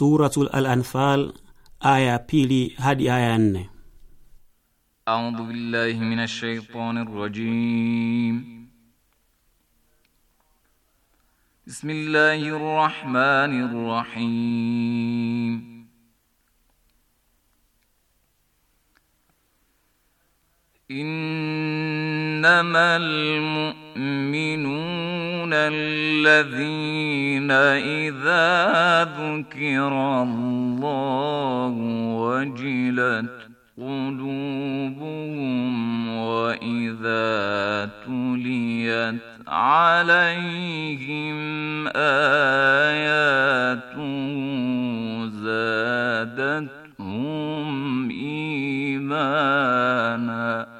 Suratul Al-Anfal aya pili hadi aya nne. A'udhu billahi minash shaitanir rajim. Bismillahir rahmanir rahim. الذين إذا ذكر الله وجلت قلوبهم وإذا تليت عليهم آيات زادتهم إيمانا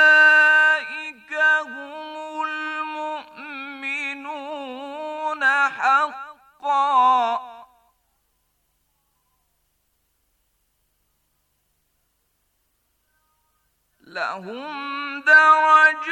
حقا لهم درجات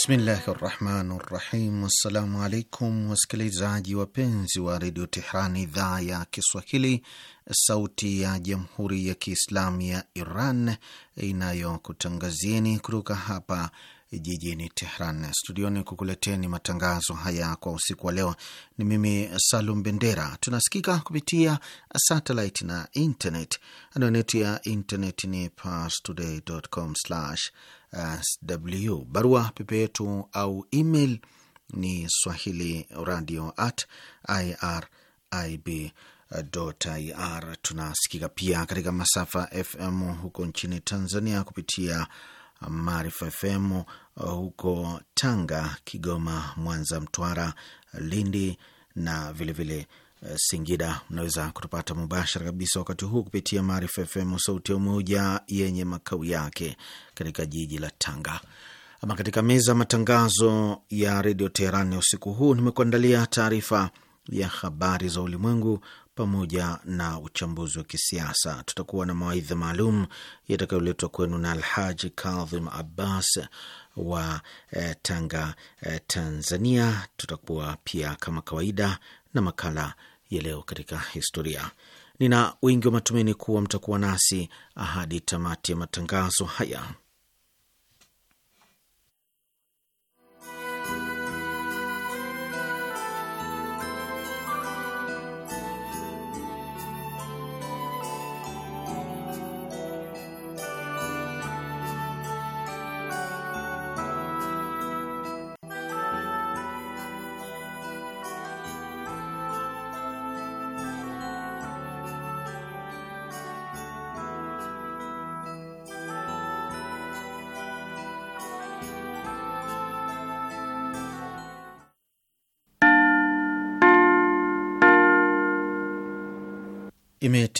Bismillahi rahmani rahim. Assalamu alaikum wasikilizaji wapenzi wa redio Tehran, idhaa ya Kiswahili, sauti ya jamhuri ya Kiislamu ya Iran inayokutangazieni kutoka hapa jijini Tehran. Studioni kukuleteni matangazo haya kwa usiku wa leo ni mimi Salum Bendera. Tunasikika kupitia satellite na internet. Anwani ya internet ni parstoday.com/sw. Barua pepe yetu au email ni swahili radio at irib ir. Tunasikika pia katika masafa FM huko nchini Tanzania kupitia Maarifa FM uh, huko Tanga, Kigoma, Mwanza, Mtwara, Lindi na vilevile vile uh, Singida. unaweza kutupata mubashara kabisa wakati huu kupitia Maarifa FM sauti ya Umoja yenye makao yake katika jiji la Tanga. Ama katika meza matangazo ya redio Teherani ya usiku huu nimekuandalia taarifa ya habari za ulimwengu pamoja na uchambuzi wa kisiasa. Tutakuwa na mawaidha maalum yatakayoletwa kwenu na Alhaji Kadhim Abbas wa eh, Tanga eh, Tanzania. Tutakuwa pia kama kawaida na makala ya leo katika historia. Nina wingi wa matumaini kuwa mtakuwa nasi ahadi tamati ya matangazo haya.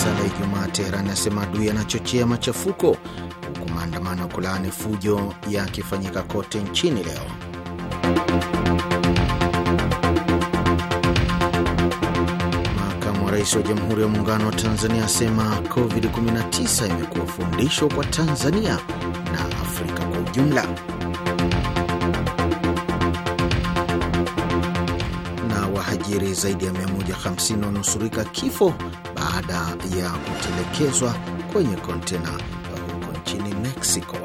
sala ya Ijumaa Teheran asema adui anachochea machafuko, huku maandamano kulaani fujo yakifanyika kote nchini leo. Makamu wa rais wa Jamhuri ya Muungano wa Tanzania asema COVID-19 imekuwa fundisho kwa Tanzania na Afrika kwa ujumla. Na wahajiri zaidi ya 150 wanusurika kifo baada ya kutelekezwa kwenye kontena huko nchini Mexico.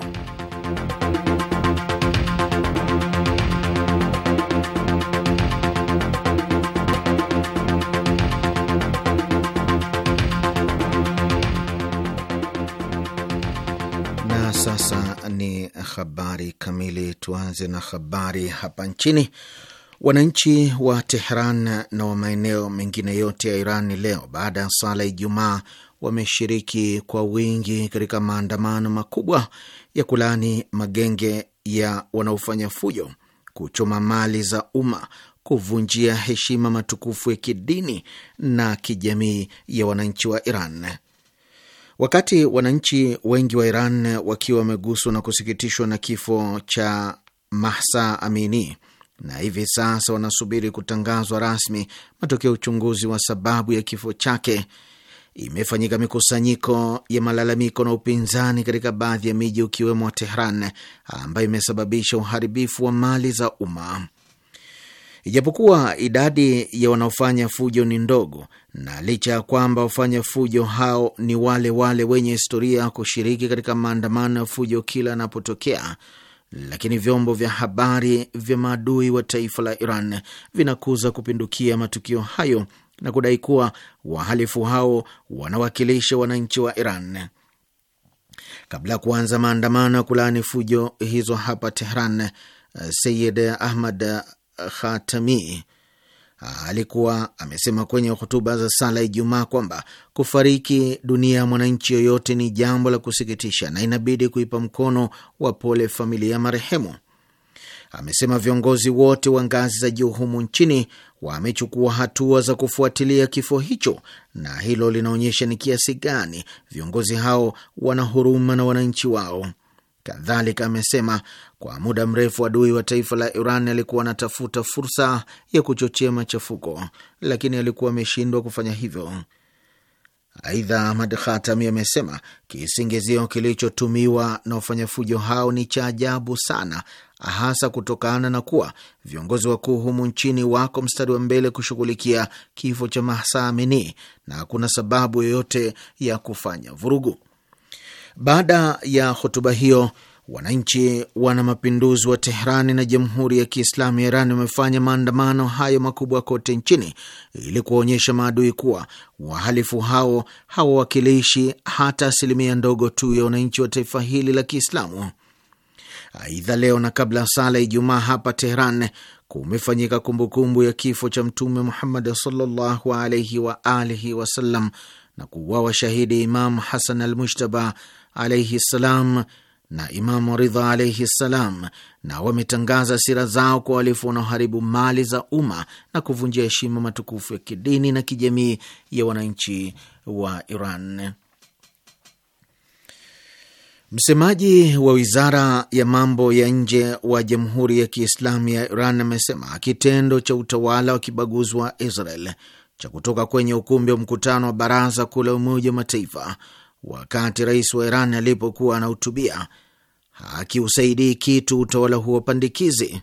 Sasa ni habari kamili. Tuanze na habari hapa nchini Wananchi wa Tehran na wa maeneo mengine yote ya Iran leo baada ya sala ya Ijumaa wameshiriki kwa wingi katika maandamano makubwa ya kulaani magenge ya wanaofanya fujo, kuchoma mali za umma, kuvunjia heshima matukufu ya kidini na kijamii ya wananchi wa Iran. Wakati wananchi wengi wa Iran wakiwa wameguswa na kusikitishwa na kifo cha Mahsa Amini, na hivi sasa wanasubiri kutangazwa rasmi matokeo ya uchunguzi wa sababu ya kifo chake. Imefanyika mikusanyiko ya malalamiko na upinzani katika baadhi ya miji ukiwemo wa Tehran, ambayo imesababisha uharibifu wa mali za umma. Ijapokuwa idadi ya wanaofanya fujo ni ndogo, na licha ya kwamba wafanya fujo hao ni wale wale wenye historia ya kushiriki katika maandamano ya fujo kila anapotokea lakini vyombo vya habari vya maadui wa taifa la Iran vinakuza kupindukia matukio hayo na kudai kuwa wahalifu hao wanawakilisha wananchi wa Iran. Kabla ya kuanza maandamano ya kulaani fujo hizo hapa Tehran, Sayid Ahmad Khatami, alikuwa amesema kwenye hotuba za sala ya Ijumaa kwamba kufariki dunia ya mwananchi yoyote ni jambo la kusikitisha na inabidi kuipa mkono wa pole familia ya marehemu. Amesema viongozi wote wa ngazi za juu humu nchini wamechukua hatua za kufuatilia kifo hicho, na hilo linaonyesha ni kiasi gani viongozi hao wana huruma na wananchi wao. Kadhalika amesema kwa muda mrefu adui wa taifa la Iran alikuwa anatafuta fursa ya kuchochea machafuko, lakini alikuwa ameshindwa kufanya hivyo. Aidha, Ahmad Khatami amesema kisingizio kilichotumiwa na wafanyafujo hao ni cha ajabu sana, hasa kutokana na kuwa viongozi wakuu humu nchini wako mstari wa mbele kushughulikia kifo cha Mahsa Amini na hakuna sababu yoyote ya kufanya vurugu. Baada ya hotuba hiyo, wananchi wana mapinduzi wa Teherani na Jamhuri ya Kiislamu ya Iran wamefanya maandamano hayo makubwa kote nchini ili kuwaonyesha maadui kuwa wahalifu hao hawawakilishi hata asilimia ndogo tu ya wananchi wa taifa hili la Kiislamu. Aidha, leo na kabla ya sala Ijumaa hapa Teheran kumefanyika kumbukumbu ya kifo cha Mtume Muhammad sallallahu alaihi wa alihi wasallam na kuuawa shahidi Imam Hasan al Mushtaba alaihi ssalam na Imamu Ridha alaihi ssalam, na wametangaza sira zao kwa walifu wanaoharibu mali za umma na kuvunjia heshima matukufu ya kidini na kijamii ya wananchi wa Iran. Msemaji wa wizara ya mambo ya nje wa Jamhuri ya Kiislamu ya Iran amesema kitendo cha utawala wa kibaguzi wa Israel cha kutoka kwenye ukumbi wa mkutano wa baraza kuu la Umoja wa Mataifa wakati rais wa Iran alipokuwa anahutubia hakiusaidii kitu utawala huo pandikizi.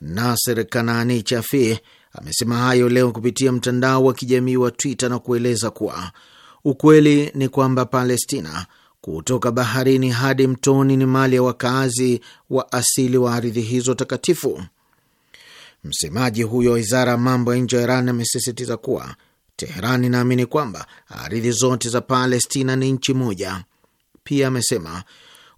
Naser Kanani Chafi amesema hayo leo kupitia mtandao wa kijamii wa Twitter na kueleza kuwa ukweli ni kwamba Palestina kutoka baharini hadi mtoni ni mali ya wakazi wa asili wa ardhi hizo takatifu. Msemaji huyo wa wizara ya mambo ya nje ya Iran amesisitiza kuwa Teheran inaamini kwamba ardhi zote za Palestina ni nchi moja. Pia amesema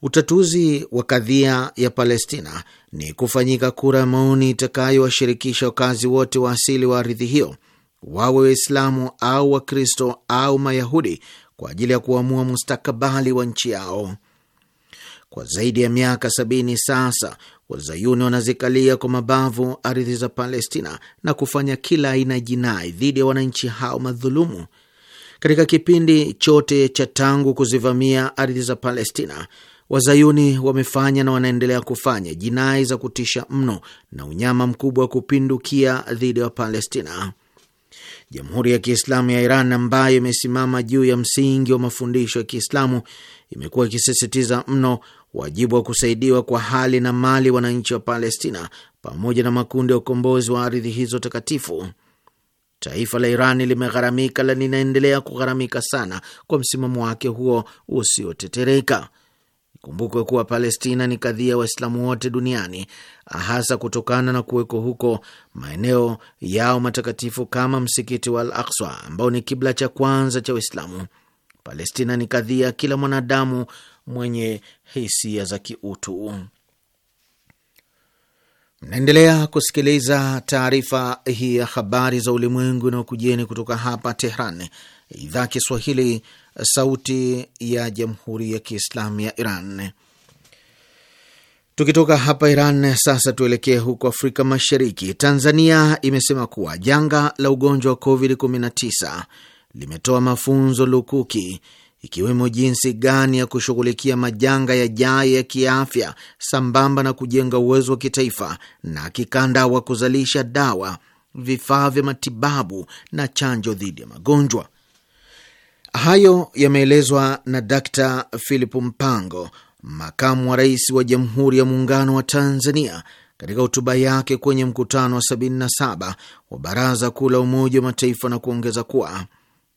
utatuzi wa kadhia ya Palestina ni kufanyika kura ya maoni itakayowashirikisha wakazi wote wa asili wa ardhi hiyo, wawe Waislamu au Wakristo au Mayahudi, kwa ajili ya kuamua mustakabali wa nchi yao. Kwa zaidi ya miaka sabini sasa Wazayuni wanazikalia kwa mabavu ardhi za Palestina na kufanya kila aina ya jinai dhidi ya wananchi hao madhulumu. Katika kipindi chote cha tangu kuzivamia ardhi za Palestina, Wazayuni wamefanya na wanaendelea kufanya jinai za kutisha mno na unyama mkubwa wa kupindukia dhidi ya Palestina. Jamhuri ya Kiislamu ya Iran ambayo imesimama juu ya msingi wa mafundisho ya Kiislamu imekuwa ikisisitiza mno wajibu wa kusaidiwa kwa hali na mali wananchi wa Palestina pamoja na makundi ya ukombozi wa ardhi hizo takatifu. Taifa la Irani limegharamika na linaendelea kugharamika sana kwa msimamo wake huo usiotetereka. Ikumbukwe kuwa Palestina ni kadhia ya Waislamu wote duniani, hasa kutokana na kuweko huko maeneo yao matakatifu kama msikiti wa Al Akswa ambao ni kibla cha kwanza cha Waislamu. Palestina ni kadhia kila mwanadamu mwenye hisia za kiutu. Mnaendelea kusikiliza taarifa hii ya habari za ulimwengu na kutoka hapa Tehran, idhaa Kiswahili, sauti ya jamhuri ya kiislamu ya Iran. Tukitoka hapa Iran sasa tuelekee huko Afrika Mashariki. Tanzania imesema kuwa janga la ugonjwa wa COVID-19 limetoa mafunzo lukuki ikiwemo jinsi gani ya kushughulikia majanga yajayo ya kiafya sambamba na kujenga uwezo wa kitaifa na kikanda wa kuzalisha dawa, vifaa vya matibabu na chanjo dhidi ya magonjwa. Hayo yameelezwa na Dr. Philip Mpango, makamu wa rais wa Jamhuri ya Muungano wa Tanzania katika hotuba yake kwenye mkutano wa 77 wa Baraza Kuu la Umoja wa Mataifa na kuongeza kuwa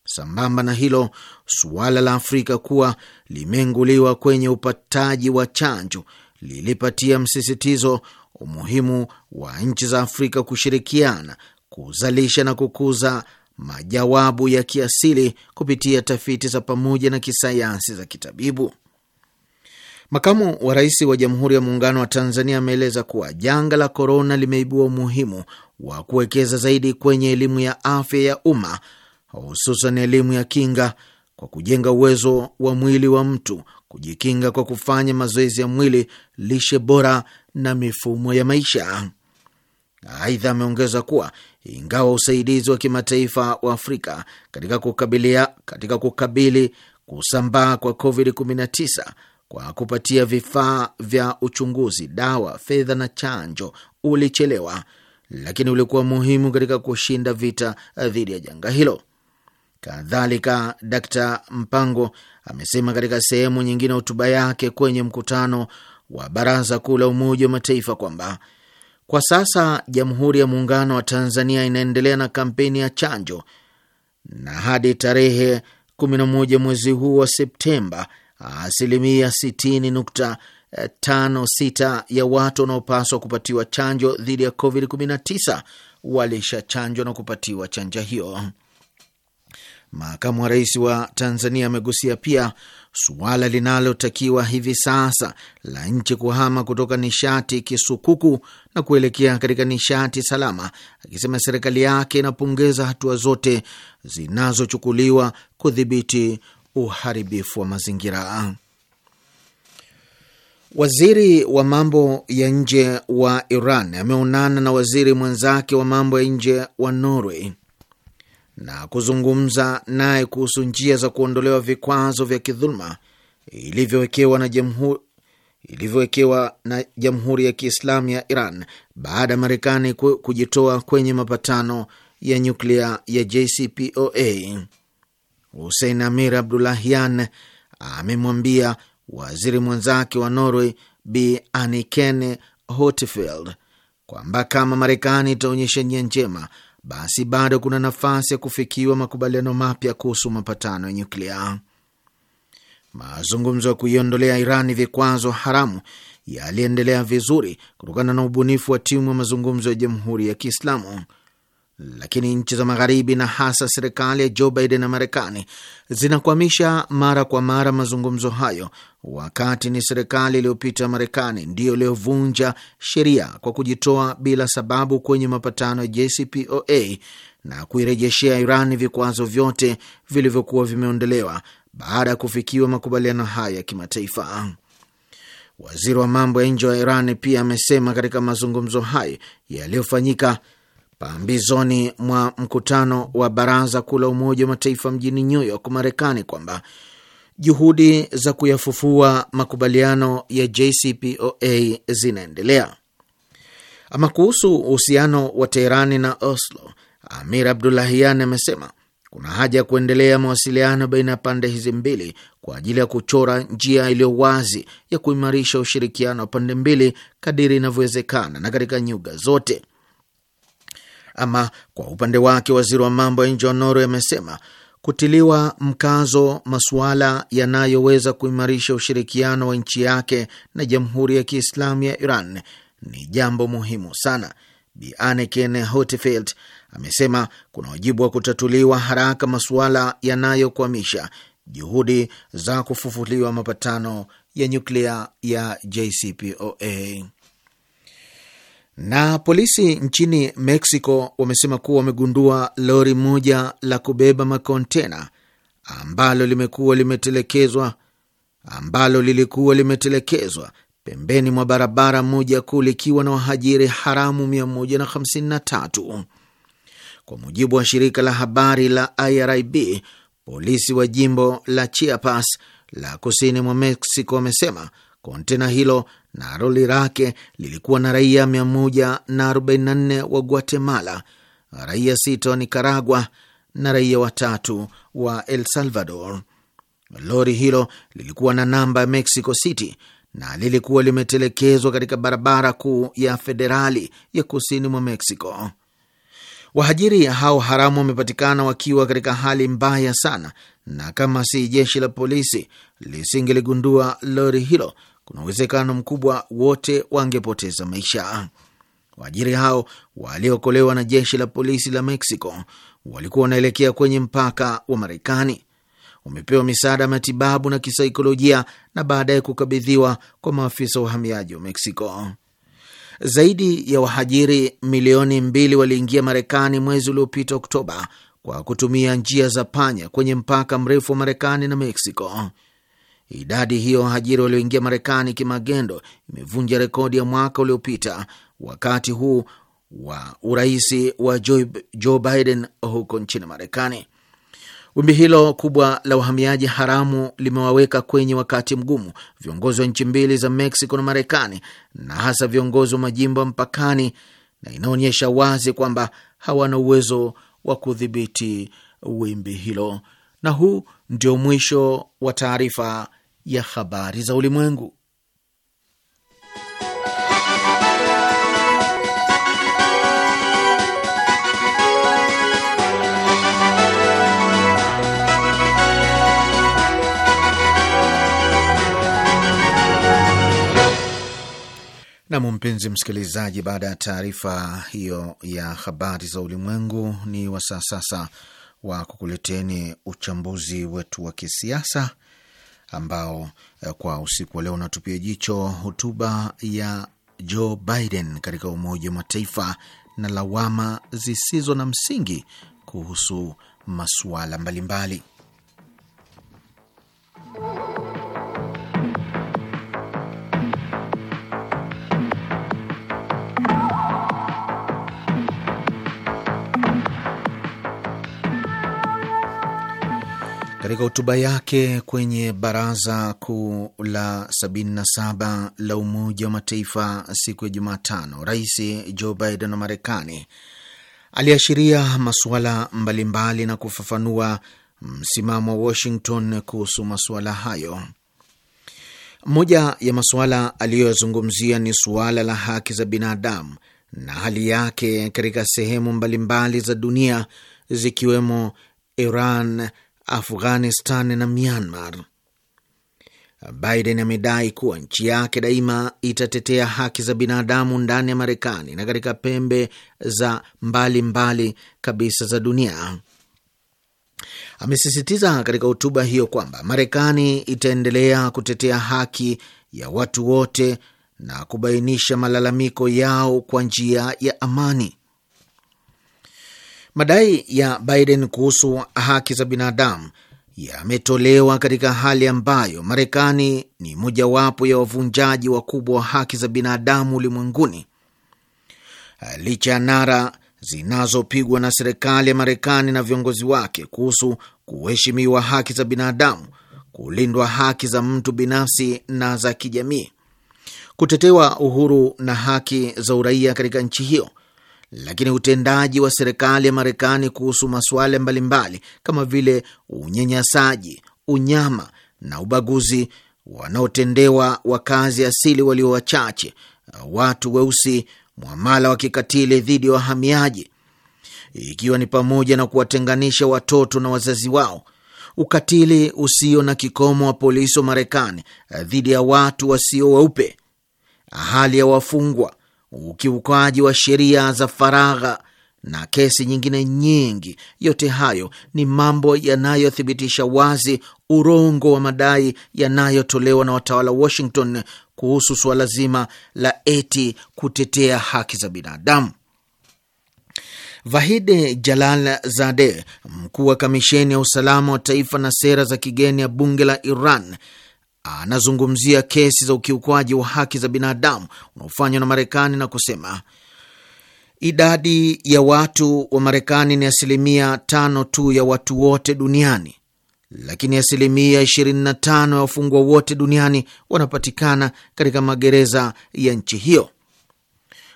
Sambamba na hilo, suala la Afrika kuwa limeenguliwa kwenye upataji wa chanjo lilipatia msisitizo umuhimu wa nchi za Afrika kushirikiana kuzalisha na kukuza majawabu ya kiasili kupitia tafiti za pamoja na kisayansi za kitabibu. Makamu wa rais wa Jamhuri ya Muungano wa Tanzania ameeleza kuwa janga la korona limeibua umuhimu wa kuwekeza zaidi kwenye elimu ya afya ya umma hususan elimu ya kinga kwa kujenga uwezo wa mwili wa mtu kujikinga kwa kufanya mazoezi ya mwili, lishe bora na mifumo ya maisha. Aidha, ameongeza kuwa ingawa usaidizi wa kimataifa wa Afrika katika kukabilia, katika kukabili kusambaa kwa COVID-19 kwa kupatia vifaa vya uchunguzi, dawa, fedha na chanjo ulichelewa, lakini ulikuwa muhimu katika kushinda vita dhidi ya janga hilo. Kadhalika, Dkt Mpango amesema katika sehemu nyingine ya hotuba yake kwenye mkutano wa Baraza Kuu la Umoja wa Mataifa kwamba kwa sasa Jamhuri ya Muungano wa Tanzania inaendelea na kampeni ya chanjo na hadi tarehe 11 mwezi huu wa Septemba, asilimia 60.56 ya watu wanaopaswa kupatiwa chanjo dhidi ya COVID-19 walishachanjwa na kupatiwa chanjo hiyo. Makamu wa rais wa Tanzania amegusia pia suala linalotakiwa hivi sasa la nchi kuhama kutoka nishati kisukuku na kuelekea katika nishati salama, akisema serikali yake inapongeza hatua zote zinazochukuliwa kudhibiti uharibifu wa mazingira. Waziri wa mambo ya nje wa Iran ameonana na waziri mwenzake wa mambo ya nje wa Norway na kuzungumza naye kuhusu njia za kuondolewa vikwazo vya kidhuluma ilivyowekewa na jamhuri ilivyowekewa na Jamhuri ya Kiislamu ya Iran baada ya Marekani kujitoa kwenye mapatano ya nyuklia ya JCPOA. Hussein Amir Abdullahian amemwambia waziri mwenzake wa Norway b Anniken Huitfeldt kwamba kama Marekani itaonyesha nia njema basi bado kuna nafasi ya kufikiwa makubaliano mapya kuhusu mapatano ya nyuklia. Mazungumzo ya kuiondolea Irani vikwazo haramu yaliendelea vizuri kutokana na ubunifu wa timu ya mazungumzo ya Jamhuri ya Kiislamu lakini nchi za Magharibi na hasa serikali ya Joe Biden na Marekani zinakwamisha mara kwa mara mazungumzo hayo, wakati ni serikali iliyopita Marekani ndiyo iliyovunja sheria kwa kujitoa bila sababu kwenye mapatano ya JCPOA na kuirejeshea Iran vikwazo vyote vilivyokuwa vimeondolewa baada ya kufikiwa makubaliano hayo ya kimataifa. Waziri wa mambo ya nje wa Iran pia amesema katika mazungumzo hayo yaliyofanyika pambizoni mwa mkutano wa Baraza Kuu la Umoja wa Mataifa mjini New York, Marekani, kwamba juhudi za kuyafufua makubaliano ya JCPOA zinaendelea. Ama kuhusu uhusiano wa Teherani na Oslo, Amir Abdulahian amesema kuna haja ya kuendelea mawasiliano baina ya pande hizi mbili kwa ajili ya kuchora njia iliyo wazi ya kuimarisha ushirikiano wa pande mbili kadiri inavyowezekana na katika nyuga zote. Ama kwa upande wake, waziri wa mambo ya nje wa Norway amesema kutiliwa mkazo masuala yanayoweza kuimarisha ushirikiano wa nchi yake na Jamhuri ya Kiislamu ya Iran ni jambo muhimu sana. Bi Anneken Huitfeldt amesema kuna wajibu wa kutatuliwa haraka masuala yanayokwamisha juhudi za kufufuliwa mapatano ya nyuklia ya JCPOA. Na polisi nchini Mexico wamesema kuwa wamegundua lori moja la kubeba makontena ambalo limekuwa limetelekezwa ambalo lilikuwa limetelekezwa pembeni mwa barabara moja kuu likiwa na wahajiri haramu 153. Kwa mujibu wa shirika la habari la IRIB, polisi wa jimbo la Chiapas la kusini mwa Mexico wamesema kontena hilo na roli lake lilikuwa na raia 144 wa Guatemala, raia sita wa Nicaragua na raia watatu wa El Salvador. Lori hilo lilikuwa na namba ya Mexico City na lilikuwa limetelekezwa katika barabara kuu ya federali ya kusini mwa Mexico. Wahajiri hao haramu wamepatikana wakiwa katika hali mbaya sana, na kama si jeshi la polisi lisingeligundua lori hilo, kuna uwezekano mkubwa wote wangepoteza maisha. Waajiri hao waliokolewa na jeshi la polisi la Mexico walikuwa wanaelekea kwenye mpaka wa Marekani. Wamepewa misaada ya matibabu na kisaikolojia na baadaye kukabidhiwa kwa maafisa wa uhamiaji wa Mexico. Zaidi ya wahajiri milioni mbili waliingia Marekani mwezi uliopita Oktoba kwa kutumia njia za panya kwenye mpaka mrefu wa Marekani na Mexico. Idadi hiyo wahajiri walioingia Marekani kimagendo imevunja rekodi ya mwaka uliopita wakati huu wa urais wa Joe Biden huko nchini Marekani. Wimbi hilo kubwa la uhamiaji haramu limewaweka kwenye wakati mgumu viongozi wa nchi mbili za Mexico na Marekani, na hasa viongozi wa majimbo mpakani, na inaonyesha wazi kwamba hawana uwezo wa kudhibiti wimbi hilo. Na huu ndio mwisho wa taarifa ya habari za ulimwengu. Nam, mpenzi msikilizaji, baada ya taarifa hiyo ya habari za ulimwengu, ni wasaa sasa wa kukuleteni uchambuzi wetu wa kisiasa ambao eh, kwa usiku wa leo unatupia jicho hotuba ya Joe Biden katika Umoja wa Mataifa na lawama zisizo na msingi kuhusu masuala mbalimbali. Katika hotuba yake kwenye Baraza Kuu la 77 la Umoja wa Mataifa siku ya Jumatano, Rais Joe Biden wa Marekani aliashiria masuala mbalimbali na kufafanua msimamo wa Washington kuhusu masuala hayo. Moja ya masuala aliyoyazungumzia ni suala la haki za binadamu na hali yake katika sehemu mbalimbali za dunia zikiwemo Iran, Afghanistan na Myanmar. Biden amedai kuwa nchi yake daima itatetea haki za binadamu ndani ya Marekani na katika pembe za mbalimbali mbali kabisa za dunia. Amesisitiza katika hotuba hiyo kwamba Marekani itaendelea kutetea haki ya watu wote na kubainisha malalamiko yao kwa njia ya amani Madai ya Biden kuhusu haki za binadamu yametolewa katika hali ambayo Marekani ni mojawapo ya wavunjaji wakubwa wa haki za binadamu ulimwenguni. Licha ya nara zinazopigwa na serikali ya Marekani na viongozi wake kuhusu kuheshimiwa haki za binadamu, kulindwa haki za mtu binafsi na za kijamii, kutetewa uhuru na haki za uraia katika nchi hiyo lakini utendaji wa serikali ya Marekani kuhusu masuala mbalimbali kama vile unyanyasaji, unyama na ubaguzi wanaotendewa wakazi asili walio wachache, watu weusi, mwamala wa kikatili dhidi ya wa wahamiaji, ikiwa ni pamoja na kuwatenganisha watoto na wazazi wao, ukatili usio na kikomo wa polisi wa Marekani dhidi ya watu wasio weupe, hali ya wafungwa ukiukaji wa sheria za faragha na kesi nyingine nyingi. Yote hayo ni mambo yanayothibitisha wazi urongo wa madai yanayotolewa na watawala Washington kuhusu suala zima la eti kutetea haki za binadamu. Vahid Jalal zade mkuu wa kamisheni ya usalama wa taifa na sera za kigeni ya bunge la Iran anazungumzia kesi za ukiukwaji wa haki za binadamu unaofanywa na Marekani na kusema idadi ya watu wa Marekani ni asilimia tano tu ya watu wote duniani, lakini asilimia 25 ya wafungwa wote duniani wanapatikana katika magereza ya nchi hiyo.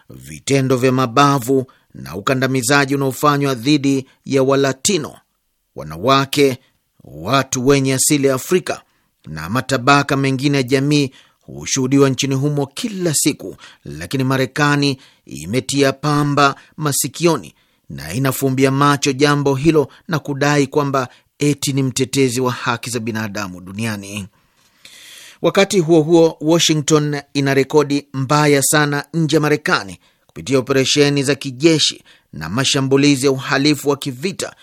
Vitendo vya mabavu na ukandamizaji unaofanywa dhidi ya Walatino, wanawake, watu wenye asili ya Afrika na matabaka mengine ya jamii hushuhudiwa nchini humo kila siku, lakini Marekani imetia pamba masikioni na inafumbia macho jambo hilo na kudai kwamba eti ni mtetezi wa haki za binadamu duniani. Wakati huo huo, Washington ina rekodi mbaya sana nje ya Marekani kupitia operesheni za kijeshi na mashambulizi ya uhalifu wa kivita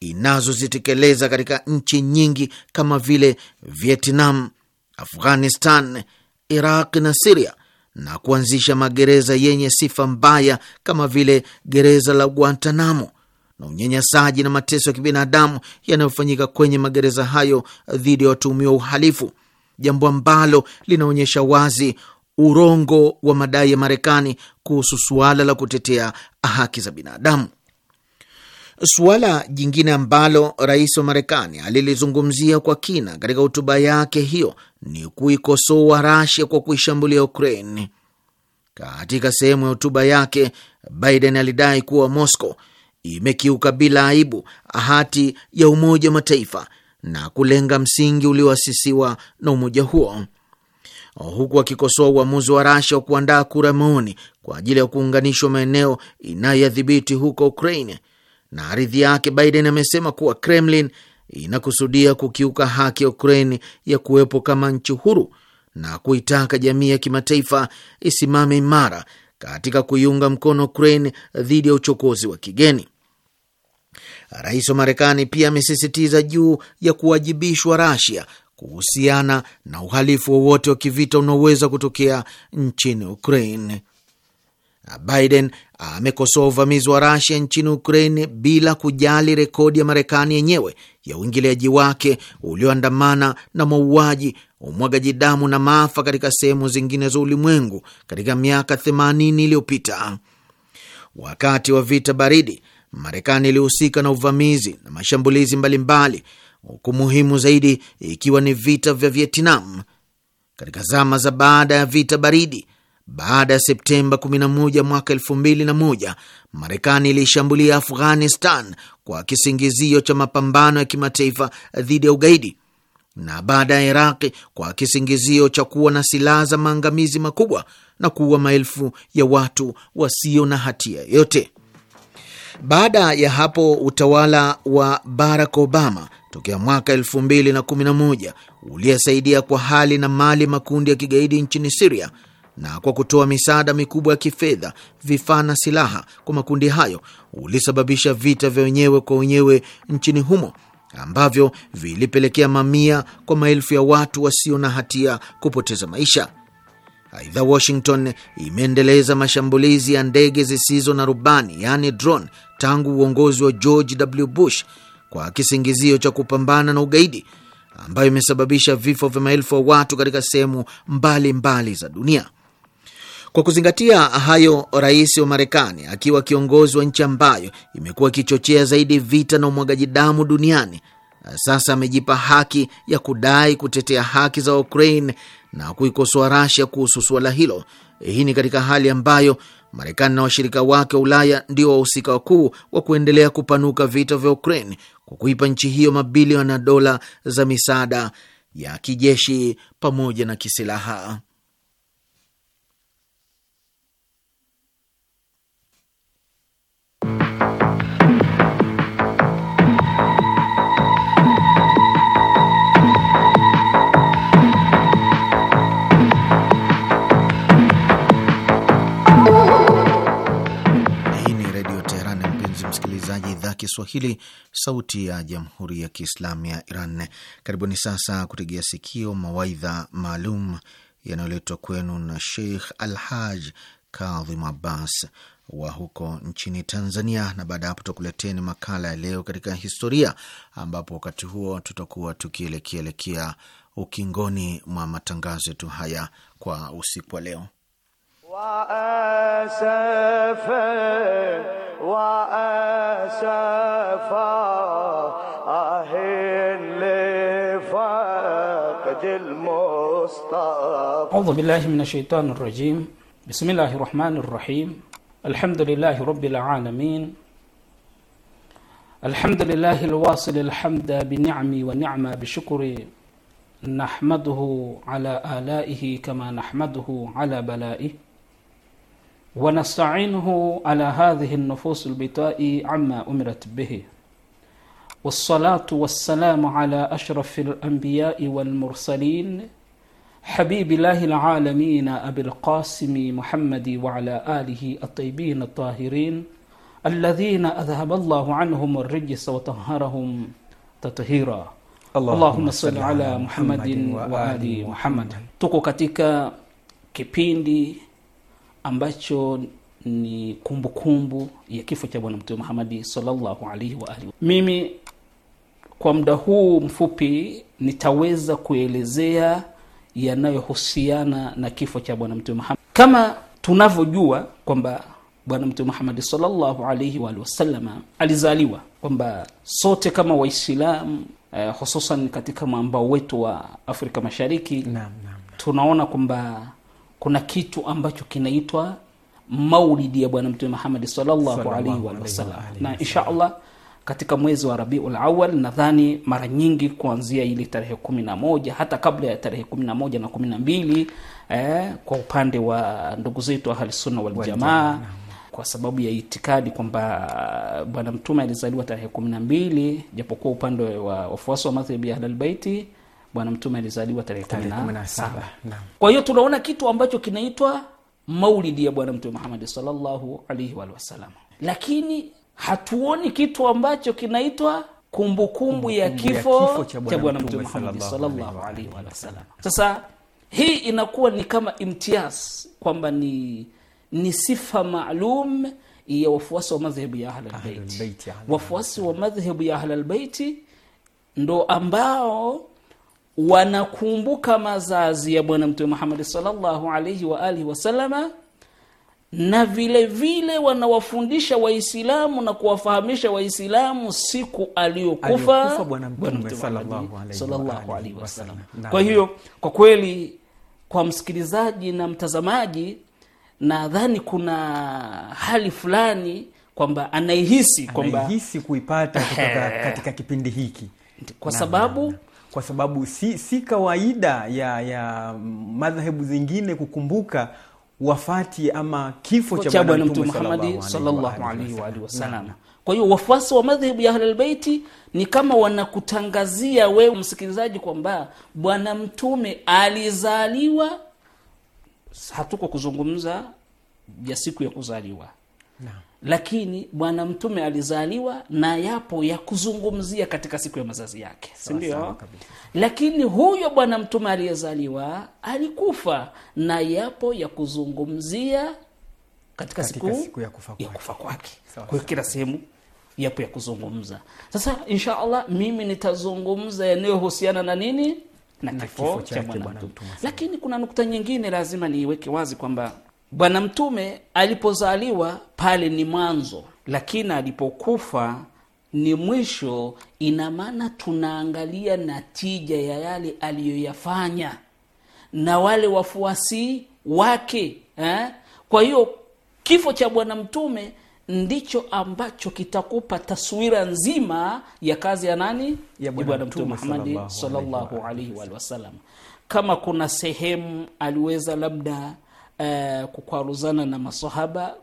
inazozitekeleza katika nchi nyingi kama vile Vietnam, Afghanistan, Iraq na Siria na kuanzisha magereza yenye sifa mbaya kama vile gereza la Guantanamo na unyanyasaji na mateso ya kibinadamu yanayofanyika kwenye magereza hayo dhidi ya watuhumiwa uhalifu, jambo ambalo linaonyesha wazi urongo wa madai ya Marekani kuhusu suala la kutetea haki za binadamu. Suala jingine ambalo rais wa Marekani alilizungumzia kwa kina katika hotuba yake hiyo ni kuikosoa Rasia kwa kuishambulia Ukraine. Katika sehemu ya hotuba yake, Biden alidai kuwa Moscow imekiuka bila aibu hati ya Umoja wa Mataifa na kulenga msingi ulioasisiwa na umoja huo, huku akikosoa uamuzi wa Rasia wa kuandaa kura maoni kwa ajili ya kuunganishwa maeneo inayoyadhibiti huko Ukraine na ardhi yake, Biden amesema kuwa Kremlin inakusudia kukiuka haki ya Ukraine ya kuwepo kama nchi huru na kuitaka jamii ya kimataifa isimame imara katika kuiunga mkono Ukraine dhidi ya uchokozi wa kigeni. Rais wa Marekani pia amesisitiza juu ya kuwajibishwa Rasia kuhusiana na uhalifu wowote wa kivita unaoweza kutokea nchini Ukraine. Uh, Biden uh, amekosoa uvamizi wa Rasia nchini Ukraine bila kujali rekodi ya Marekani yenyewe ya uingiliaji wake ulioandamana na mauaji, umwagaji damu na maafa katika sehemu zingine za ulimwengu katika miaka 80 iliyopita. Wakati wa vita baridi, Marekani ilihusika na uvamizi na mashambulizi mbalimbali, huku muhimu zaidi ikiwa ni vita vya Vietnam. Katika zama za baada ya vita baridi baada ya Septemba 11 mwaka 2001, Marekani iliishambulia Afghanistan kwa kisingizio cha mapambano ya kimataifa dhidi ya ugaidi na baada ya Iraqi kwa kisingizio cha kuwa na silaha za maangamizi makubwa na kuua maelfu ya watu wasio na hatia yote Baada ya hapo utawala wa Barack Obama tokea mwaka elfu uliyesaidia kwa hali na mali makundi ya kigaidi nchini Siria na kwa kutoa misaada mikubwa ya kifedha, vifaa na silaha kwa makundi hayo ulisababisha vita vya wenyewe kwa wenyewe nchini humo ambavyo vilipelekea mamia kwa maelfu ya watu wasio na hatia kupoteza maisha. Aidha, Washington imeendeleza mashambulizi ya ndege zisizo na rubani yaani drone tangu uongozi wa George W. Bush kwa kisingizio cha kupambana na ugaidi, ambayo imesababisha vifo vya maelfu ya watu katika sehemu mbalimbali za dunia. Kwa kuzingatia hayo, rais wa Marekani akiwa kiongozi wa nchi ambayo imekuwa ikichochea zaidi vita na umwagaji damu duniani sasa amejipa haki ya kudai kutetea haki za Ukraine na kuikosoa Rasia kuhusu suala hilo. Hii ni katika hali ambayo Marekani na washirika wake wa Ulaya ndio wahusika wakuu wa kuendelea kupanuka vita vya Ukraine kwa kuipa nchi hiyo mabilioni ya dola za misaada ya kijeshi pamoja na kisilaha. Kiswahili, Sauti ya Jamhuri ya Kiislamu ya Iran. Karibuni sasa kutegea sikio mawaidha maalum yanayoletwa kwenu na Sheikh Alhaj Kadhim Abbas wa huko nchini Tanzania, na baada ya hapo tutakuleteni makala ya leo katika historia, ambapo wakati huo tutakuwa tukielekielekea ukingoni mwa matangazo yetu haya kwa usiku wa leo. وأسف وأسف أهل لفقد المصطفى أعوذ بالله من الشيطان الرجيم بسم الله الرحمن الرحيم الحمد لله رب العالمين الحمد لله الواصل الحمد بنعمي ونعمة بشكري نحمده على آلائه كما نحمده على بلائه ونستعينه على هذه النفوس البطاء عما أمرت به والصلاة والسلام على أشرف الأنبياء والمرسلين حبيب الله العالمين أبي القاسم محمد وعلى آله الطيبين الطاهرين الذين أذهب الله عنهم الرجس وطهرهم تطهيرا اللهم, صل على محمد, وآل محمد, تقو كتك katika ambacho ni kumbukumbu kumbu ya kifo cha Bwana Mtume Muhammad sallallahu alaihi wa alihi. Mimi kwa muda huu mfupi nitaweza kuelezea yanayohusiana na kifo cha Bwana Mtume Muhammad. Kama tunavyojua kwamba Bwana Mtume Muhammad sallallahu alaihi wa alihi alizaliwa, kwamba sote kama waislam eh, hususan katika mwambao wetu wa Afrika Mashariki naam, naam, naam. tunaona kwamba kuna kitu ambacho kinaitwa maulidi ya Bwana Mtume Muhammad sallallahu alaihi wasallam, na insha Allah katika mwezi wa Rabiul Awal nadhani mara nyingi kuanzia ile tarehe kumi na moja hata kabla ya tarehe kumi na moja na kumi na mbili eh, kwa upande wa ndugu zetu ahlsunna Waljamaa kwa sababu ya itikadi kwamba Bwana Mtume alizaliwa tarehe kumi na mbili japokuwa upande wa wafuasi wa madhhabi ya ahlalbeiti Bwana Mtume alizaliwa tarehe na saba Kwa hiyo tunaona kitu ambacho kinaitwa maulidi ya Bwana Mtume Muhammad salllahu alaihi wa wasallam, lakini hatuoni kitu ambacho kinaitwa kumbukumbu ya kifo cha Bwana Mtume muhamadi salllahu alaihi wa wasallam. Sasa hii inakuwa ni kama imtias kwamba ni, ni sifa maalum ya wafuasi wa madhehebu ya Ahlalbeiti. Wafuasi wa madhehebu ya Ahlalbeiti ndo ambao wanakumbuka mazazi ya bwana mtume Muhammad sallallahu alaihi wa alihi wasallama na vile vile wanawafundisha Waislamu na kuwafahamisha Waislamu siku aliyokufa bwana mtume sallallahu wasallam. Kwa hiyo kwa kweli, kwa msikilizaji na mtazamaji, nadhani kuna hali fulani kwamba anaihisi kwamba anaihisi kuipata kutoka katika kipindi hiki kwa na, sababu na, na kwa sababu si, si kawaida ya ya madhehebu zingine kukumbuka wafati ama kifo cha Bwana Mtume Muhammad sallallahu alaihi Kwa hiyo wafuasi wa madhehebu ya ahlalbeiti ni kama wanakutangazia wewe msikilizaji kwamba Bwana Mtume alizaliwa, hatuko kuzungumza ya siku ya kuzaliwa na lakini Bwana Mtume alizaliwa na yapo ya kuzungumzia katika siku ya mazazi yake, sindio Lakini huyo Bwana Mtume aliyezaliwa alikufa na yapo ya kuzungumzia katika, katika siku, siku ya kufa kwake kwa, kwa kila sehemu yapo ya kuzungumza. Sasa insha Allah mimi nitazungumza yanayohusiana na nini na kifo cha mwanamtume lakini kuna nukta nyingine lazima niiweke wazi kwamba Bwana Mtume alipozaliwa pale ni mwanzo, lakini alipokufa ni mwisho. Ina maana tunaangalia natija ya yale aliyoyafanya na wale wafuasi wake eh? Kwa hiyo kifo cha Bwana Mtume ndicho ambacho kitakupa taswira nzima ya kazi ya nani? Ya Bwana Mtume Muhammad sallallahu alaihi Kama kuna sehemu aliweza labda eh, kukwaruzana na masahaba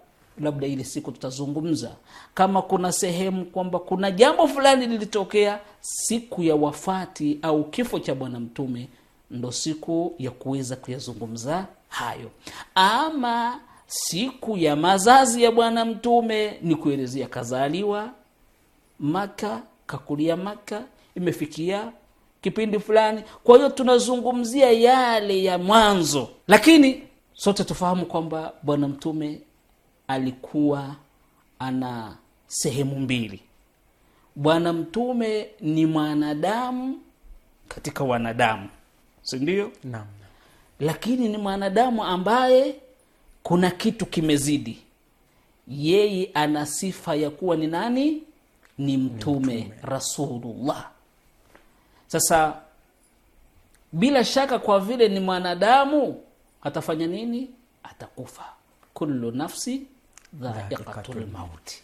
labda ile siku tutazungumza kama kuna sehemu kwamba kuna jambo fulani lilitokea siku ya wafati au kifo cha bwana mtume ndo siku ya kuweza kuyazungumza hayo ama siku ya mazazi ya bwana mtume ni kuelezea kazaliwa maka kakulia maka imefikia kipindi fulani kwa hiyo tunazungumzia yale ya mwanzo lakini sote tufahamu kwamba bwana mtume alikuwa ana sehemu mbili bwana mtume ni mwanadamu katika wanadamu sindio lakini ni mwanadamu ambaye kuna kitu kimezidi yeye ana sifa ya kuwa ni nani ni mtume, mtume. rasulullah sasa bila shaka kwa vile ni mwanadamu atafanya nini? Atakufa. kullu nafsi dhaiqatul mauti,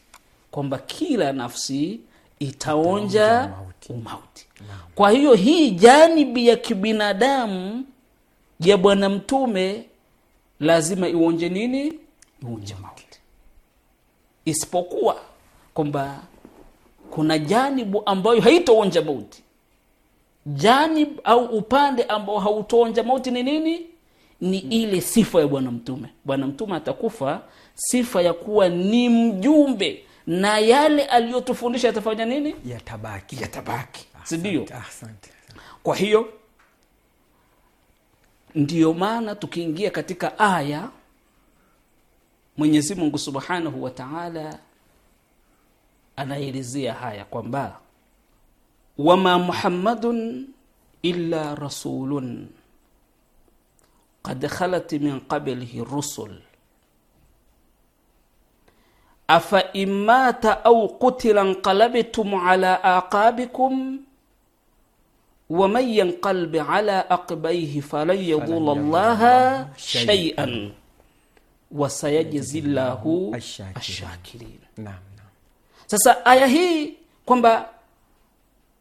kwamba kila nafsi itaonja umauti. Kwa hiyo hii janibi ya kibinadamu ya Bwana Mtume lazima ionje nini? ionje mauti, isipokuwa kwamba kuna janibu ambayo haitoonja mauti. Janib au upande ambao hautoonja mauti ni nini? ni ile sifa ya bwana mtume. Bwana mtume atakufa sifa ya kuwa ni mjumbe, na yale aliyotufundisha yatafanya nini? Yatabaki, yatabaki, sindio Kwa hiyo ndiyo maana tukiingia katika aya, Mwenyezi Mungu subhanahu wa taala anaelezea haya kwamba wama muhammadun illa rasulun qad khalat min qablihi rusul afa imata au qutila nqalabtum ala aqabikum waman yanqalb ala aqbayhi falan yadhula llaha shay'an wasayajzi llahu ashakirin. Sasa aya hii kwamba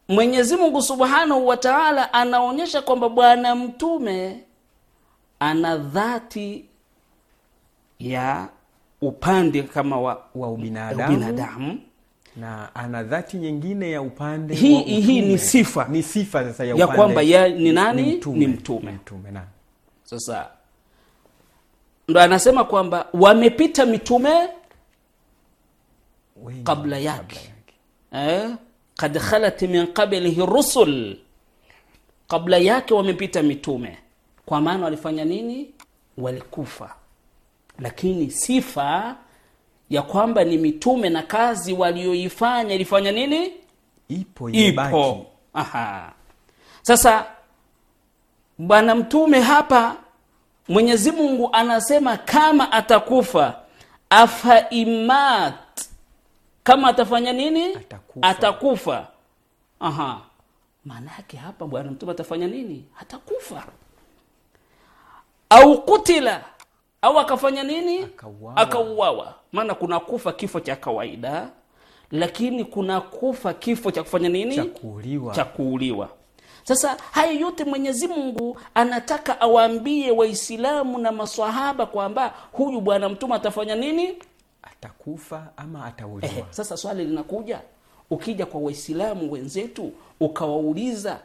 Mwenyezi Mungu subhanahu wa taala anaonyesha kwamba Bwana Mtume ana dhati ya upande kama wa, wa ubinadamu, ubinadamu na ana dhati nyingine ya upande hii, hi, ni sifa, ni sifa sasa ya, ya kwamba ya ni nani? Ni mtume, ni mtume. mtume na. Sasa ndo anasema kwamba wamepita mitume Wengi, kabla yake eh, kad khalat min qablihi rusul, kabla yake wamepita mitume kwa maana walifanya nini? Walikufa. Lakini sifa ya kwamba ni mitume na kazi walioifanya ilifanya nini? Ipo, ipo. Aha. Sasa bwana mtume hapa Mwenyezi Mungu anasema kama atakufa, afaimat, kama atafanya nini? Atakufa, atakufa. maana yake hapa bwana mtume atafanya nini? Atakufa au kutila au akafanya nini akauawa maana kuna kufa kifo cha kawaida lakini kuna kufa kifo cha kufanya nini cha kuuliwa sasa haya yote mwenyezi mungu anataka awaambie waislamu na maswahaba kwamba huyu bwana mtume atafanya nini atakufa ama atauliwa eh, sasa swali linakuja ukija kwa waislamu wenzetu ukawauliza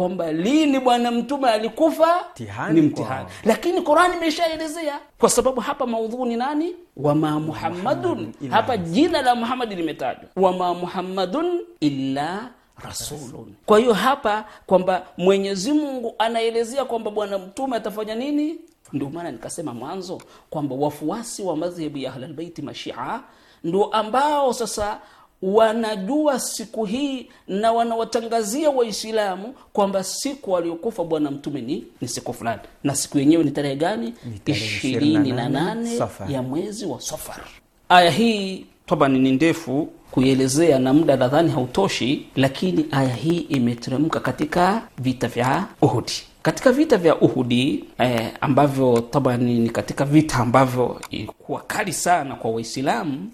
kwamba lini bwana mtume alikufa tihani ni mtihani kwa. Lakini Qurani imeshaelezea kwa sababu hapa maudhuu ni nani, wama muhammadun, hapa jina la Muhammadi limetajwa, wama muhammadun illa rasulun. Kwa hiyo hapa kwamba Mwenyezi Mungu anaelezea kwamba bwana mtume atafanya nini. Ndio maana nikasema mwanzo kwamba wafuasi wa madhhebu ya Ahlalbeiti Mashia ndio ambao sasa wanajua siku hii na wanawatangazia Waislamu kwamba siku waliokufa Bwana Mtume ni, ni siku fulani, na siku yenyewe ni tarehe gani? ishirini na nane ya mwezi wa Safar. Aya hii tabani ni ndefu kuielezea na muda nadhani hautoshi, lakini aya hii imeteremka katika vita vya Uhudi katika vita vya Uhudi eh, ambavyo tabani ni katika vita ambavyo ilikuwa kali sana kwa Waislamu.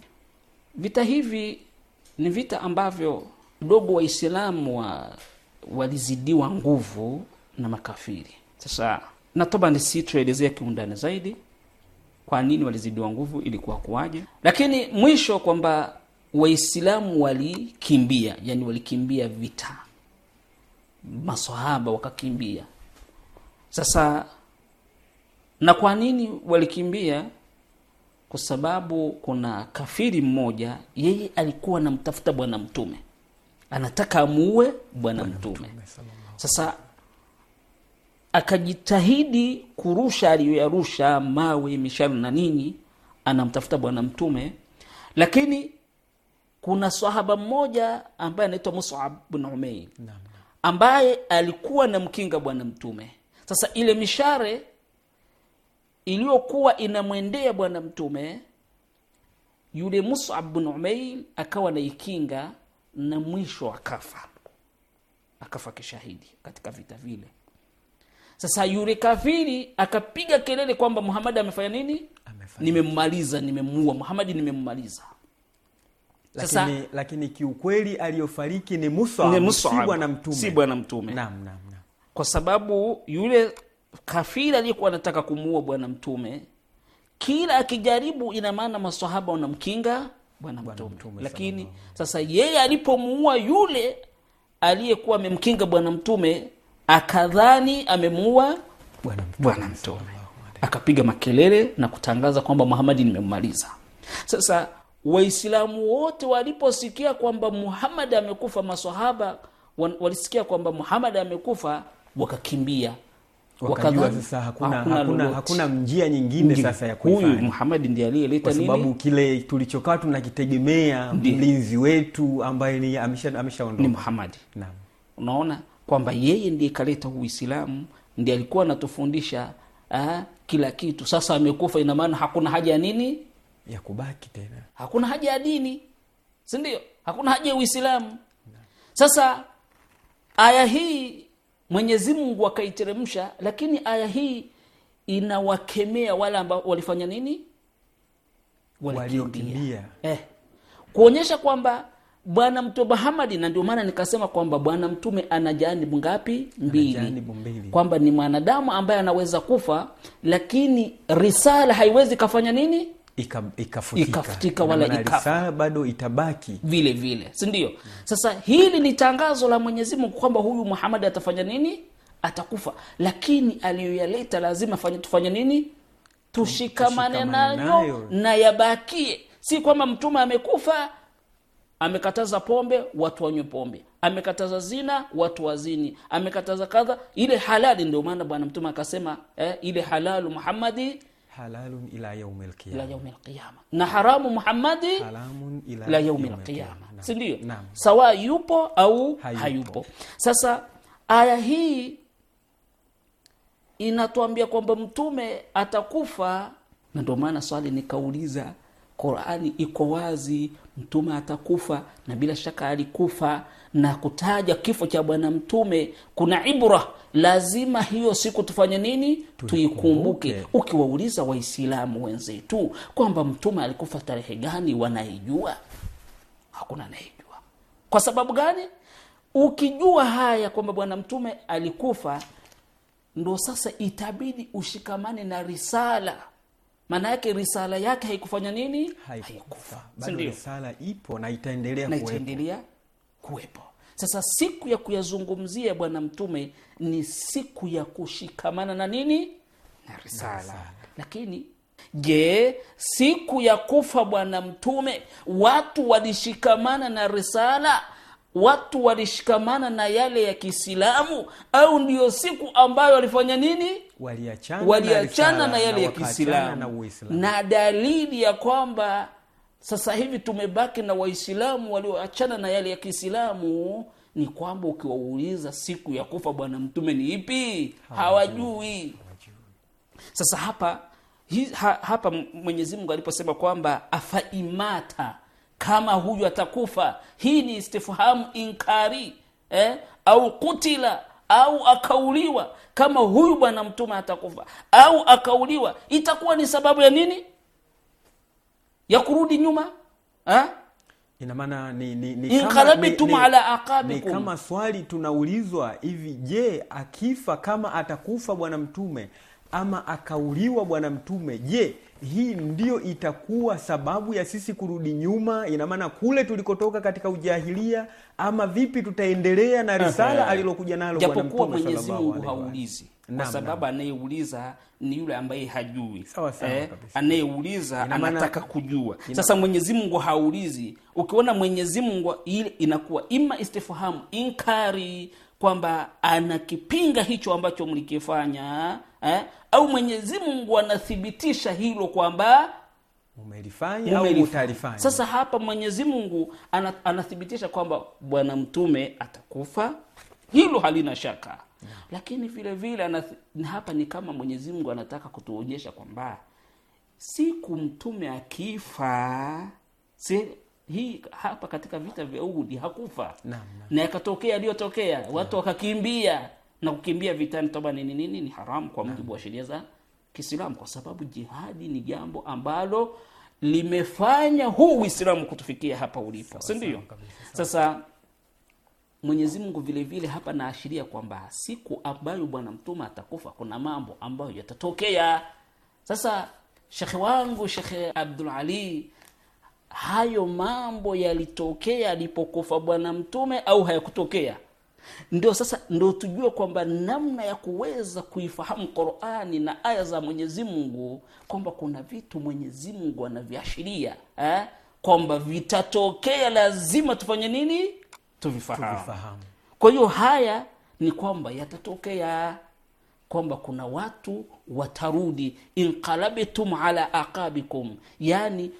Vita hivi ni vita ambavyo dogo Waislamu wa walizidiwa nguvu na makafiri. Sasa natoba situelezea kiundani zaidi kwa nini walizidiwa nguvu, ilikuwa kuwaje, lakini mwisho kwamba Waislamu walikimbia, yani walikimbia vita, masahaba wakakimbia. Sasa na kwa nini walikimbia? kwa sababu kuna kafiri mmoja yeye alikuwa anamtafuta bwana mtume anataka amuue bwana mtume sasa akajitahidi kurusha aliyoyarusha mawe mishari na nini anamtafuta bwana mtume lakini kuna sahaba mmoja ambaye anaitwa musab bn umeir ambaye alikuwa na mkinga bwana mtume sasa ile mishare iliyokuwa inamwendea bwana mtume yule Mus'ab bn Umair akawa naikinga na mwisho akafa, akafa kishahidi katika vita vile. Sasa yule kafiri akapiga kelele kwamba muhamadi amefanya nini? Nimemmaliza, nimemuua muhamadi nimemmaliza. Sasa lakini, lakini kiukweli aliyofariki ni Mus'ab, si bwana mtume, si mtume. Kwa sababu yule kafiri aliyekuwa anataka kumuua bwana mtume kila akijaribu ina maana masahaba wanamkinga bwana mtume, lakini sasa yeye alipomuua yule aliyekuwa amemkinga bwana mtume akadhani amemuua bwana mtume, bwana mtume. akapiga makelele na kutangaza kwamba muhamadi nimemmaliza sasa waislamu wote waliposikia kwamba muhamadi amekufa masahaba walisikia kwamba muhamadi amekufa wakakimbia wakajua sasa hakuna, hakuna, hakuna, hakuna njia nyingine Mjini. sasa ya kuifanya. Huyu Muhammad ndiye aliyeleta kwa sababu nini? kile tulichokaa tunakitegemea mlinzi wetu ambaye ni ameshaondoka amesha ni Muhammad. Naam, unaona kwamba yeye ndiye kaleta Uislamu, ndiye alikuwa anatufundisha ah, kila kitu. Sasa amekufa, ina maana hakuna haja ya nini ya kubaki tena, hakuna haja ya dini, si ndio? Hakuna haja ya Uislamu. Sasa aya hii Mwenyezi Mungu akaiteremsha, lakini aya hii inawakemea wale ambao walifanya nini? Walikimbia eh, kuonyesha kwamba Bwana Mtume Muhammad, na ndio maana nikasema kwamba Bwana Mtume ana janibu ngapi? Mbili, kwamba ni mwanadamu ambaye anaweza kufa, lakini risala haiwezi kafanya nini ikafutika wala bado itabaki vile vile sindio sasa hili ni tangazo la mwenyezi mungu kwamba huyu muhamad atafanya nini atakufa lakini aliyoyaleta lazima tufanye nini tushikamane nayo na yabakie si kwamba mtume amekufa amekataza pombe watu wanywe pombe amekataza zina watu wazini amekataza kadha ile halali ndio maana bwana mtume akasema eh, ile halalu muhammadi halalun ila yaumil qiyama, la yaumil qiyama, na haramu Muhammadi haramun ila, ila yaumil qiyama, si ndio? Sawa, yupo au hayupo, hayupo. Sasa aya hii inatuambia kwamba mtume atakufa, na ndio maana swali nikauliza, Qurani iko wazi, mtume atakufa na bila shaka alikufa na kutaja kifo cha bwana mtume kuna ibra lazima hiyo siku tufanye nini tuikumbuke ukiwauliza waislamu wenzetu kwamba mtume alikufa tarehe gani wanaijua hakuna anayejua kwa sababu gani ukijua haya kwamba bwana mtume alikufa ndo sasa itabidi ushikamane na risala maana yake risala yake haikufanya nini haikufa, haikufa. risala ipo na itaendelea na itaendelea kuwepo. Sasa siku ya kuyazungumzia Bwana Mtume ni siku ya kushikamana na nini? Na risala, Lakini je, siku ya kufa Bwana Mtume watu walishikamana na risala? Watu walishikamana na yale ya Kiislamu au ndiyo siku ambayo walifanya nini? Waliachana, wali na, na yale na ya Kiislamu na, na dalili ya kwamba sasa hivi tumebaki na Waislamu walioachana na yale ya Kiislamu, ni kwamba ukiwauliza siku ya kufa Bwana Mtume ni ipi, hawajui. Sasa hapa hi, ha, hapa Mwenyezi Mungu aliposema kwamba afaimata, kama huyu atakufa, hii ni istifhamu inkari eh? au kutila au akauliwa, kama huyu Bwana Mtume atakufa au akauliwa, itakuwa ni sababu ya nini? ya kurudi nyuma ha? Eh? ina maana ni, ni, ni, ala aqabikum kama swali tunaulizwa hivi je akifa kama atakufa bwana mtume ama akauliwa bwana mtume je hii ndiyo itakuwa sababu ya sisi kurudi nyuma ina maana kule tulikotoka katika ujahilia ama vipi tutaendelea na risala alilokuja nalo japokuwa mwenyezi mungu haulizi kwa sababu anayeuliza ni yule ambaye hajui eh, anayeuliza anataka kujua ina. Sasa Mwenyezi Mungu haulizi. Ukiona Mwenyezi Mungu ile inakuwa ima istifhamu inkari kwamba anakipinga hicho ambacho mlikifanya eh, au Mwenyezi Mungu anathibitisha hilo kwamba umelifanya Sasa hapa Mwenyezi Mungu anathibitisha kwamba Bwana Mtume atakufa, hilo halina shaka yeah. Lakini vile vile ana, hapa ni kama Mwenyezi Mungu anataka kutuonyesha kwamba siku mtume akifa si, hii hapa katika vita vya Uhud hakufa na, na. na yakatokea aliyotokea watu wakakimbia na kukimbia vitani toba ni nini ni, haramu kwa mujibu wa sheria za Kiislamu kwa sababu jihadi ni jambo ambalo limefanya huu Uislamu kutufikia hapa ulipo, si ndio? Sasa Mwenyezi Mungu vile vile hapa naashiria kwamba siku ambayo bwana mtume atakufa kuna mambo ambayo yatatokea. Sasa shekhe wangu Shekhe Abdul Ali, hayo mambo yalitokea alipokufa bwana mtume au hayakutokea? Ndio sasa ndio tujue kwamba namna ya kuweza kuifahamu Qur'ani na aya za Mwenyezi Mungu kwamba kuna vitu Mwenyezi Mungu anaviashiria eh, kwamba vitatokea, lazima tufanye nini? tuvifahamu, tuvifahamu. Kwa hiyo haya ni kwamba yatatokea kwamba kuna watu watarudi, inqalabtum ala aqabikum, yani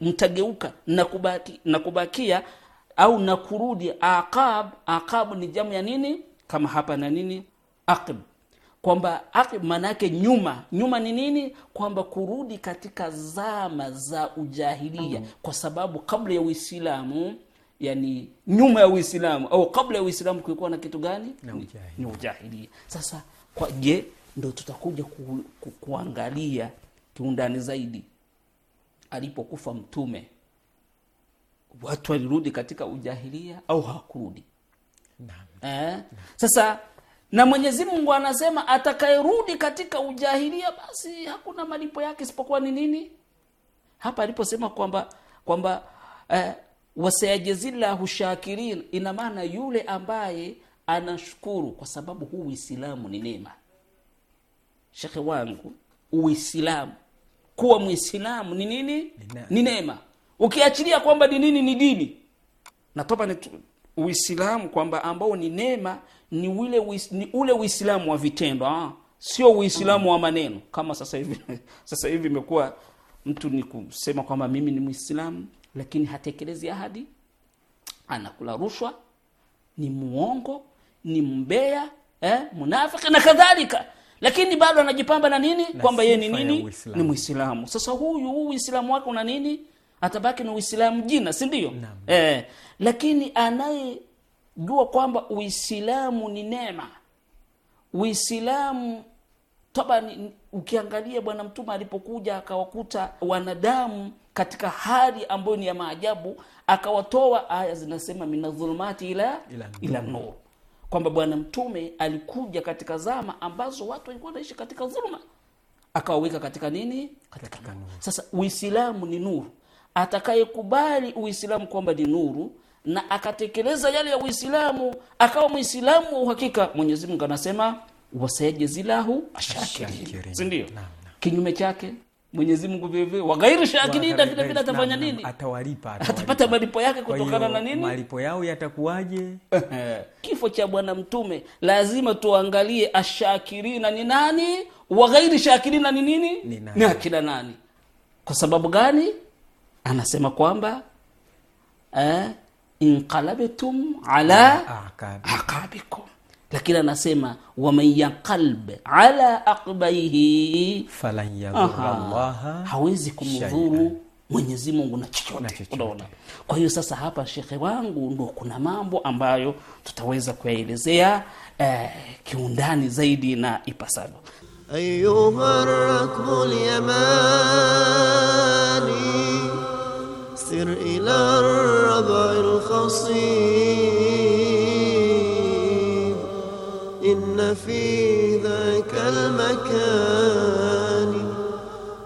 mtageuka na kubakia au na kurudi. Aqab, aqab ni jamu ya nini? Kama hapa na nini aqib, kwamba aqib maana yake nyuma. Nyuma ni nini? Kwamba kurudi katika zama za ujahilia, mm. kwa sababu kabla ya Uislamu yani nyuma ya Uislamu au kabla ya Uislamu kulikuwa na kitu gani? Ni ujahilia. Sasa kwa je, ndo tutakuja ku, ku, kuangalia kiundani zaidi. Alipokufa Mtume, watu walirudi katika ujahilia au hawakurudi? Eh? Sasa na Mwenyezi Mungu anasema atakayerudi katika ujahilia basi hakuna malipo yake isipokuwa ni nini? Hapa aliposema kwamba kwamba eh, wasayajizillahu shakirin, ina maana yule ambaye anashukuru, kwa sababu huu Uislamu ni neema. Shekhe wangu, Uislamu, kuwa Muislamu ni nini? Ni neema. Ukiachilia kwamba ni nini, ni dini natopa ni Uislamu kwamba ambao ni neema ni ule ni ule Uislamu wa vitendo ah, sio Uislamu wa maneno kama sasa hivi. Sasa hivi imekuwa mtu ni kusema kwamba mimi ni Muislamu lakini hatekelezi ahadi, anakula rushwa, ni muongo, ni mbea eh, mnafiki na kadhalika, lakini bado anajipamba na nini kwamba yeye ni nini? Ni Muislamu. Sasa huyu huu Uislamu wake una nini? Atabaki na Uislamu jina, si ndio? Eh, lakini anayejua kwamba Uislamu ni neema, Uislamu tabani, ukiangalia Bwana Mtume alipokuja akawakuta wanadamu katika hali ambayo ni ya maajabu akawatoa aya zinasema minadhulumati ila ila, ila nur kwamba bwana mtume alikuja katika zama ambazo watu walikuwa wanaishi katika dhuluma akawaweka katika nini katika, katika nuru. sasa uislamu ni nuru atakayekubali uislamu kwamba ni nuru na akatekeleza yale ya uislamu akawa mwislamu wa uhakika mwenyezimungu anasema wasayajezilahu ashakiri sindio kinyume chake Mwenyezi Mungu vile vile wa ghairi vile vile atafanya nini? Atawalipa, atapata malipo yake kutokana na nini? Malipo yao yatakuwaje? Kifo cha Bwana Mtume lazima tuangalie ashakirina ni nani, wa shakirina ni nini, ni akina nani. Kwa sababu gani? Anasema kwamba eh, inqalabtum ala aqabikum lakini anasema waman yaqalb ala aqbaihi falan yadhurra Allah, hawezi kumdhuru Mwenyezi Mungu na chochote. Unaona, kwa hiyo sasa hapa, shekhe wangu, ndo kuna mambo ambayo tutaweza kuyaelezea eh, kiundani zaidi na ipasavyo. Ayuha rakbul yamani sir ila rabbil khasim إن في ذاك المكان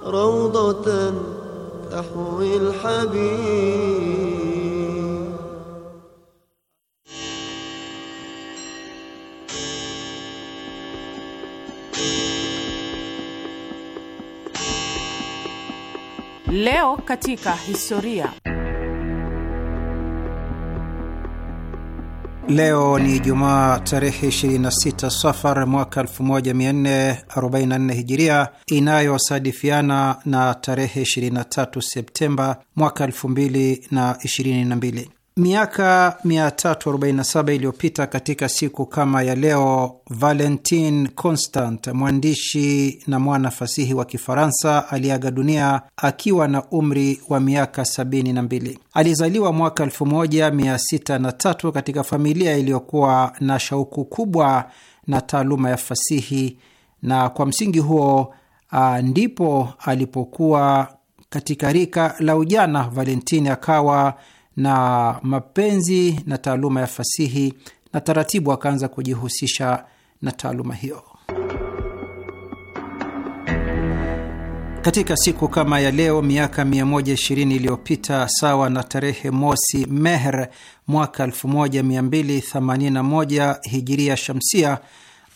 روضة تحوي الحبيب Leo katika historia. Leo ni Jumaa tarehe 26 Safar mwaka 1444 Hijiria, inayosadifiana na tarehe 23 Septemba mwaka 2022. Miaka 347 iliyopita katika siku kama ya leo, Valentin Constant, mwandishi na mwana fasihi wa Kifaransa, aliaga dunia akiwa na umri wa miaka 72. Alizaliwa mwaka 1603 katika familia iliyokuwa na shauku kubwa na taaluma ya fasihi, na kwa msingi huo a, ndipo alipokuwa katika rika la ujana, valentin akawa na mapenzi na taaluma ya fasihi na taratibu akaanza kujihusisha na taaluma hiyo. Katika siku kama ya leo miaka 120 iliyopita, sawa na tarehe mosi Mehr mwaka 1281 hijiria shamsia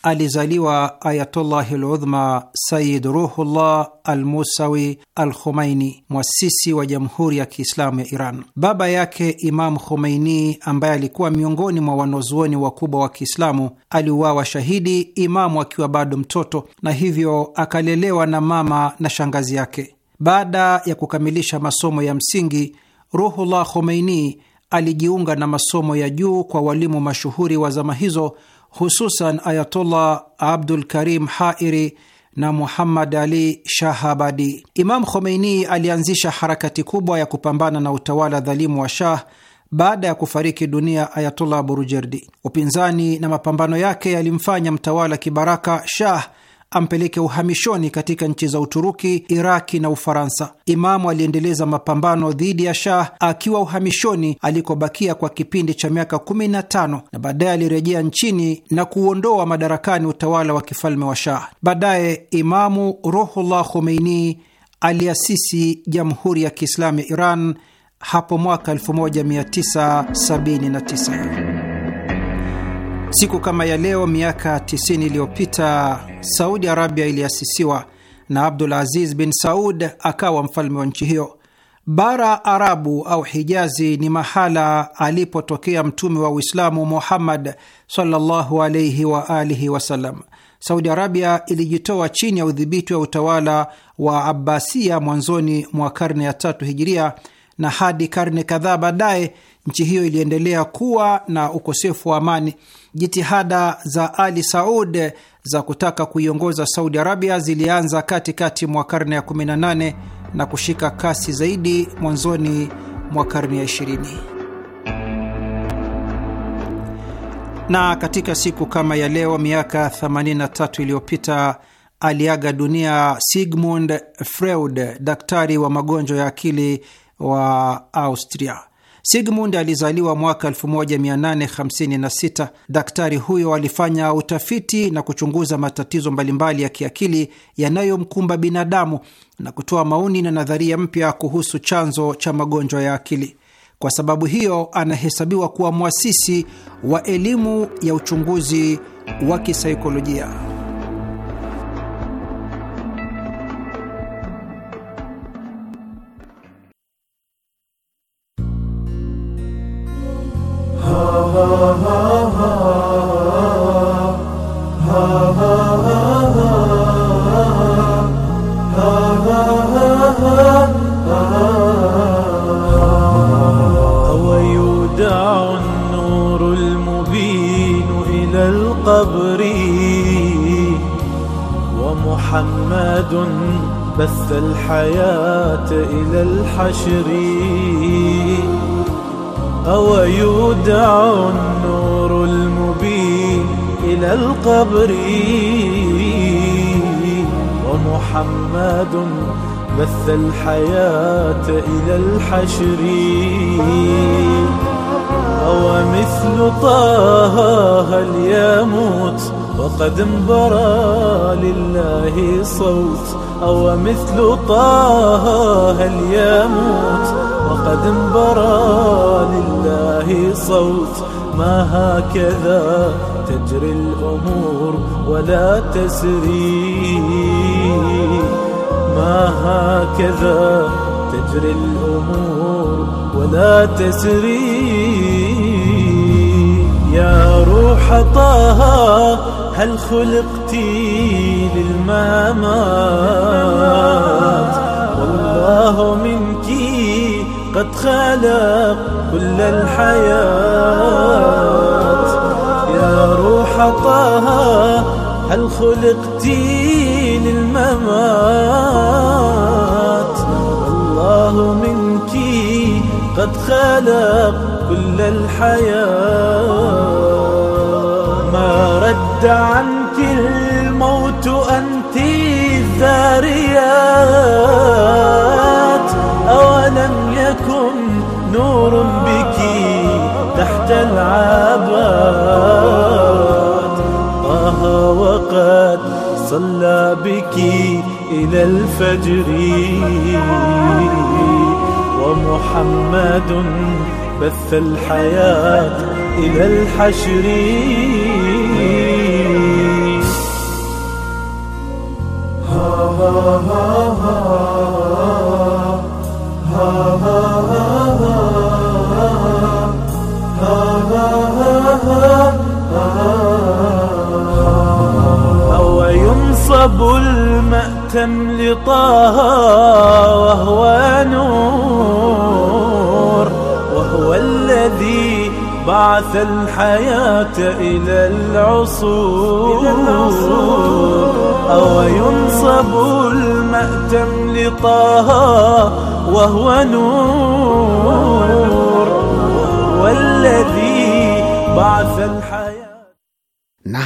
alizaliwa Ayatullahi Ludhma Sayid Ruhullah al Musawi al Khumaini, mwasisi wa Jamhuri ya Kiislamu ya Iran. Baba yake imamu Khumaini, ambaye alikuwa miongoni mwa wanazuoni wakubwa wa Kiislamu, aliuawa shahidi Imamu akiwa bado mtoto, na hivyo akalelewa na mama na shangazi yake. Baada ya kukamilisha masomo ya msingi, Ruhullah Khumaini alijiunga na masomo ya juu kwa walimu mashuhuri wa zama hizo hususan Ayatullah Abdul Karim Hairi na Muhammad Ali Shahabadi. Imam Khomeini alianzisha harakati kubwa ya kupambana na utawala dhalimu wa Shah baada ya kufariki dunia Ayatullah Burujerdi. Upinzani na mapambano yake yalimfanya mtawala kibaraka Shah ampeleke uhamishoni katika nchi za Uturuki, Iraki na Ufaransa. Imamu aliendeleza mapambano dhidi ya Shah akiwa uhamishoni alikobakia kwa kipindi cha miaka 15 na baadaye alirejea nchini na kuondoa madarakani utawala wa kifalme wa Shah. Baadaye Imamu Ruhullah Khomeini aliasisi Jamhuri ya Kiislamu ya Iran hapo mwaka 1979. Siku kama ya leo miaka 90 iliyopita Saudi Arabia iliasisiwa na Abdul Aziz bin Saud akawa mfalme wa nchi hiyo. Bara Arabu au Hijazi ni mahala alipotokea mtume wa Uislamu Muhammad sallallahu alaihi wa alihi wasallam. Saudi Arabia ilijitoa chini ya udhibiti wa utawala wa Abbasia mwanzoni mwa karne ya tatu hijiria na hadi karne kadhaa baadaye nchi hiyo iliendelea kuwa na ukosefu wa amani. Jitihada za Ali Saud za kutaka kuiongoza Saudi Arabia zilianza katikati mwa karne ya 18 na kushika kasi zaidi mwanzoni mwa karne ya 20. na katika siku kama ya leo miaka 83 iliyopita aliaga dunia Sigmund Freud, daktari wa magonjwa ya akili wa Austria. Sigmund alizaliwa mwaka 1856. Daktari huyo alifanya utafiti na kuchunguza matatizo mbalimbali ya kiakili yanayomkumba binadamu na kutoa maoni na nadharia mpya kuhusu chanzo cha magonjwa ya akili. Kwa sababu hiyo, anahesabiwa kuwa mwasisi wa elimu ya uchunguzi wa kisaikolojia. ويودع النور المبين إلى القبر ومحمد بث الحياة إلى الحشر أو يودع النور المبين إلى القبر ومحمد بث الحياة إلى الحشر أو مثل طه هل يموت وقد انبرى لله صوت أو مثل طه هل يموت وقد انبرى لله صوت ما هكذا تجري الأمور ولا تسري ما هكذا تجري الأمور ولا تسري يا روح طه هل خلقت للمامات والله منك قد خلق كل الحياة يا روح طه هل خلقت للممات الله منك قد خلق كل الحياة ما رد عنك الموت أنت الذاريات أولم نور بك تحت العباد طه وقد صلى بك إلى الفجر ومحمد بث الحياة إلى الحشر لطه وهو نور وهو الذي بعث الحياة إلى العصور أو ينصب المأتم لطه وهو نور والذي بعث